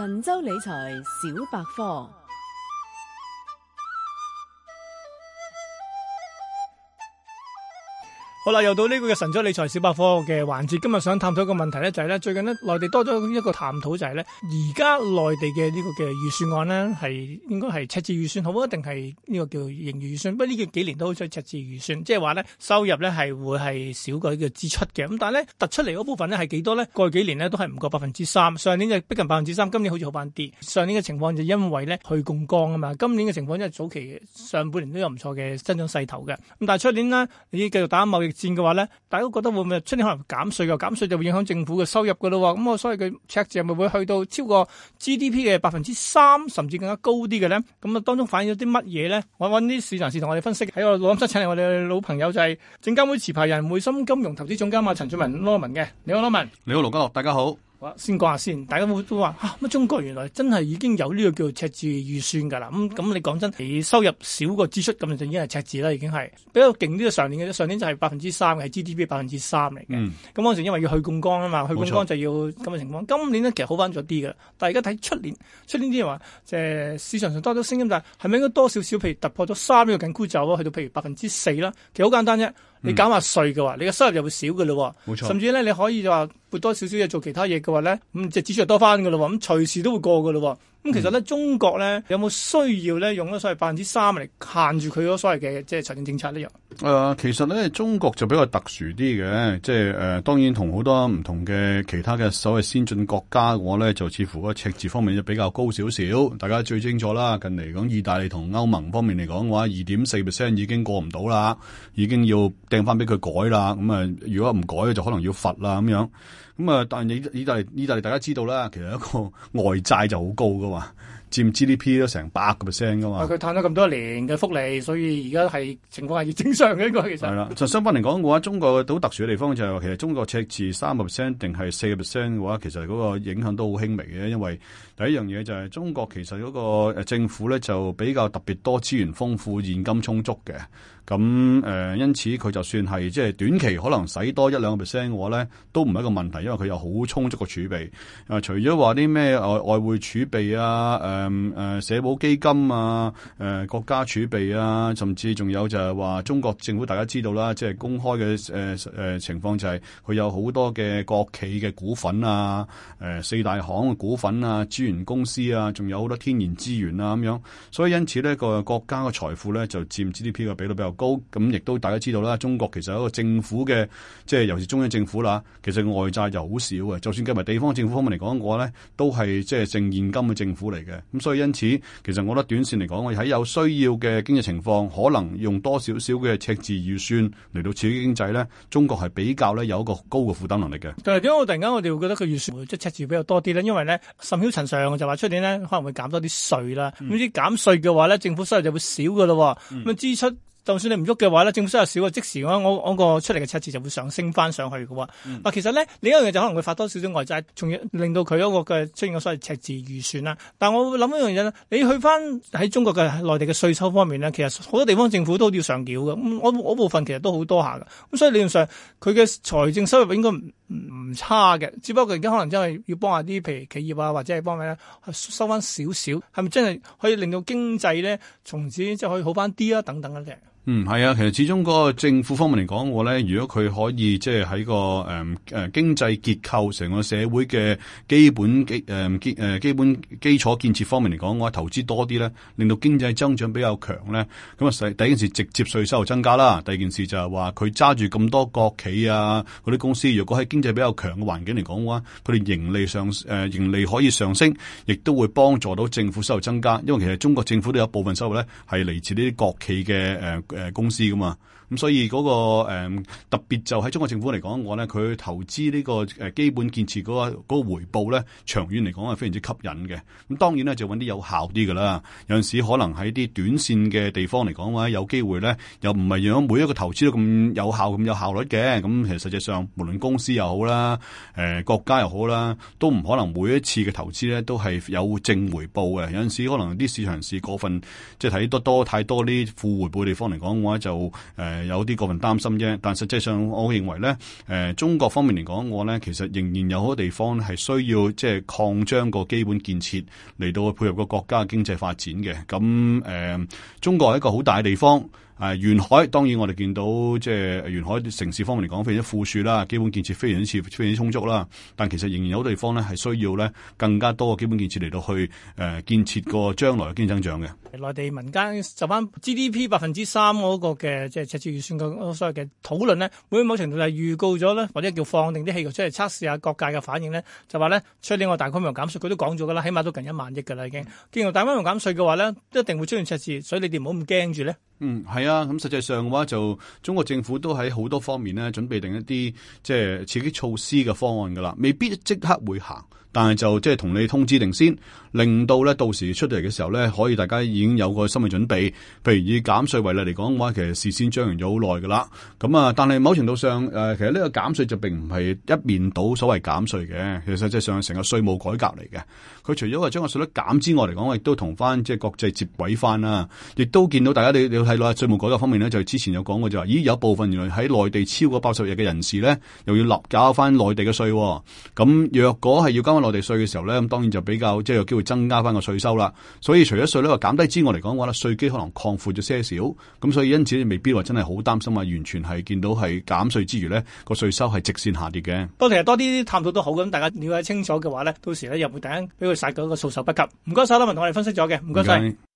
神州理財小百科。好啦，又到呢個嘅神州理財小百科嘅環節。今日想探討一個問題咧、就是，就係咧最近呢內地多咗一個探討就係、是、咧，而家內地嘅呢個嘅預算案咧，係應該係赤字預算好啊，定係呢個叫盈餘預，預算？不過呢個幾年都好似赤字預算，即係話咧收入咧係會係少過個支出嘅。咁但係咧突出嚟嗰部分咧係幾多咧？過去幾年咧都係唔過百分之三，上年就逼近百分之三，今年好似好慢跌。上年嘅情況就因為咧去槓桿啊嘛，今年嘅情況因為早期上半年都有唔錯嘅增長勢頭嘅。咁但係出年咧，你繼續打貿易戰嘅話咧，大家都覺得會唔會出年可能減稅，又減稅就會影響政府嘅收入噶啦、啊。咁我所謂嘅赤字咪會去到超過 GDP 嘅百分之三，甚至更加高啲嘅咧。咁啊當中反映咗啲乜嘢咧？我揾啲市場人士同我哋分析，喺我錄音室請嚟我哋老朋友就係證監會持牌人匯深金融投資總監阿陳俊文 l o m a n 嘅。你好 l o m a n，你好羅家樂，大家好。先講一下先，大家都話乜，啊、中國原來真係已經有呢個叫赤字預算㗎啦。咁，嗯、咁你講真，你收入少過支出咁就已經係赤字啦，已經係比較勁啲嘅上年嘅。上年就係百分之三嘅，GDP 百分之三嚟嘅。咁嗰，嗯、時因為要去槓桿啊嘛，去槓桿就要咁嘅情況。錯今年呢，其實好翻咗啲嘅，但而家睇出年，出年啲人話即市場上多咗聲音，就係咪應該多少少譬如突破咗三個緊箍咒啊？去到譬如百分之四啦。其實好簡單啫，你減下稅嘅話，嗯、你嘅收入就會少嘅咯。冇錯甚至咧你可以就話。撥多少少嘢做其他嘢嘅話咧，咁隻指數又多翻嘅咯喎，咁隨時都會過嘅咯喎。咁其實咧，嗯、中國咧有冇需要咧用咗所謂百分之三嚟限住佢嗰所謂嘅即係財政政策呢？又誒、呃，其實咧中國就比較特殊啲嘅，即係誒當然同好多唔同嘅其他嘅所謂先進國家嘅話咧，就似乎個赤字方面就比較高少少。大家最清楚啦，近嚟講意大利同歐盟方面嚟講嘅話，二點四 percent 已經過唔到啦，已經要掟翻俾佢改啦。咁、嗯、啊，如果唔改就可能要罰啦咁樣。咁啊，但係意大利，意大利大家知道啦，其實一個外債就好高噶嘛，佔 GDP 都成百個 percent 噶嘛。佢嘆咗咁多年嘅福利，所以而家係情況係正常嘅應該其實。係啦，就相反嚟講嘅話，中國好特殊嘅地方就係，其實中國赤字三個 percent 定係四個 percent 嘅話，其實嗰個影響都好輕微嘅，因為第一樣嘢就係中國其實嗰個政府咧就比較特別多資源豐富、現金充足嘅。咁誒、呃，因此佢就算係即係短期可能使多一兩個 percent 嘅話咧，都唔係一個問題，因為佢有好充足嘅儲備。呃、除咗話啲咩外外匯儲備啊、誒、呃、誒社保基金啊、誒、呃、國家儲備啊，甚至仲有就係話中國政府大家知道啦，即、就、係、是、公開嘅、呃呃、情況就係佢有好多嘅國企嘅股份啊、呃、四大行嘅股份啊、資源公司啊，仲有好多天然資源啊咁樣。所以因此呢個國家嘅財富咧就佔 GDP 嘅比例比較高，咁亦都大家知道啦，中國其實有一個政府嘅，即係尤其是中央政府啦，其實外債就好少嘅。就算計埋地方政府方面嚟講嘅話咧，都係即係淨現金嘅政府嚟嘅。咁所以因此，其實我覺得短線嚟講，我喺有需要嘅經濟情況，可能用多少少嘅赤字預算嚟到刺激經濟咧，中國係比較咧有一個高嘅負擔能力嘅。但係點解我突然間我哋會覺得個預算即係赤字比較多啲咧？因為咧，甚曉層上就話出年咧可能會減多啲稅啦。咁啲減稅嘅話咧，政府收入就會少噶咯，咁、嗯、支出。就算你唔喐嘅話咧，政府收入少嘅即時，我個出嚟嘅赤字就會上升翻上去嘅。喎、嗯。其實咧另一樣嘢就可能會發多少少外債，仲要令到佢嗰個嘅出現嘅所謂赤字預算啦。但係我會諗一樣嘢、就是、你去翻喺中國嘅內地嘅稅收方面咧，其實好多地方政府都要上繳嘅。我部分其實都好多下㗎。咁所以理論上佢嘅財政收入應該唔差嘅。只不過而家可能真係要幫下啲譬如企業啊，或者係幫收翻少少，係咪真係可以令到經濟咧從此即係可以好翻啲啊？等等嗯，係啊，其實始終個政府方面嚟講嘅話咧，如果佢可以即係喺個誒誒、嗯嗯、經濟結構、成個社會嘅基，基、嗯基，嗯、基本基誒基誒基本基礎建設方面嚟講嘅話，投資多啲咧，令到經濟增長比較強咧，咁啊使第一件事直接稅收入增加啦。第二件事就係話佢揸住咁多國企啊嗰啲公司，如果喺經濟比較強嘅環境嚟講嘅話，佢哋盈利上誒、呃、盈利可以上升，亦都會幫助到政府收入增加。因為其實中國政府都有部分收入咧係嚟自呢啲國企嘅誒。呃誒，公司噶嘛？咁所以嗰個誒特別就喺中國政府嚟講嘅話咧，佢投資呢個誒基本建設嗰個嗰個回報咧，長遠嚟講，係非常之吸引嘅。咁當然咧就揾啲有效啲嘅啦。有陣時可能喺啲短線嘅地方嚟講嘅話，有機會咧又唔係樣每一個投資都咁有效咁有效率嘅。咁其實實際上，無論公司又好啦，誒國家又好啦，都唔可能每一次嘅投資咧都係有正回報嘅。有陣時可能啲市場市過分，即係睇得多太多啲負回報嘅地方嚟講嘅話，就誒。呃有啲過分擔心啫，但實際上我認為咧，誒、呃，中國方面嚟講，我咧其實仍然有好多地方係需要即係擴張個基本建設嚟到去配合個國家嘅經濟發展嘅。咁誒、呃，中國係一個好大嘅地方，誒、呃，沿海當然我哋見到即係、呃、沿海城市方面嚟講，非常富庶啦，基本建設非常之非常之充足啦。但其實仍然有好多地方咧係需要咧更加多嘅基本建設嚟到去誒、呃、建設個將來嘅經濟增長嘅。內地民間就翻 GDP 百分之三、那、嗰個嘅即係赤字預算嘅所有嘅討論呢，會某程度係預告咗呢，或者叫放定啲氣球，出嚟測試下各界嘅反應呢，就話呢，出另外大規模減稅，佢都講咗噶啦，起碼都近一萬億噶啦已經。既然大規模減稅嘅話呢，一定會出現赤字，所以你哋唔好咁驚住呢。嗯，係啊，咁實際上嘅話就中國政府都喺好多方面呢，準備定一啲即係刺激措施嘅方案噶啦，未必即刻會行。但係就即係、就是、同你通知定先，令到咧到時出嚟嘅時候咧，可以大家已經有個心理準備。譬如以減稅為例嚟講嘅話，其實事先張揚咗好耐噶啦。咁啊，但係某程度上誒、呃，其實呢個減稅就並唔係一面倒所謂減稅嘅，其實實際上成個稅務改革嚟嘅。佢除咗話將個稅率減之外嚟講，亦都同翻即係國際接軌翻啦。亦都見到大家你你睇落稅務改革方面咧，就之前有講過就話，咦，有部分原來喺內地超過八十日嘅人士咧，又要立交翻內地嘅稅，哦。咁若果係要交。內地稅嘅時候咧，咁當然就比較即係、就是、有機會增加翻個稅收啦。所以除咗稅率話減低之外嚟講嘅話咧，稅基可能擴闊咗些少。咁所以因此你未必話真係好擔心啊！完全係見到係減稅之餘咧，個稅收係直線下跌嘅。不過其實多啲探討都好，咁大家了解清楚嘅話咧，到時咧又會突然俾佢殺到一個措手不及。唔該晒，德文同我哋分析咗嘅，唔該晒。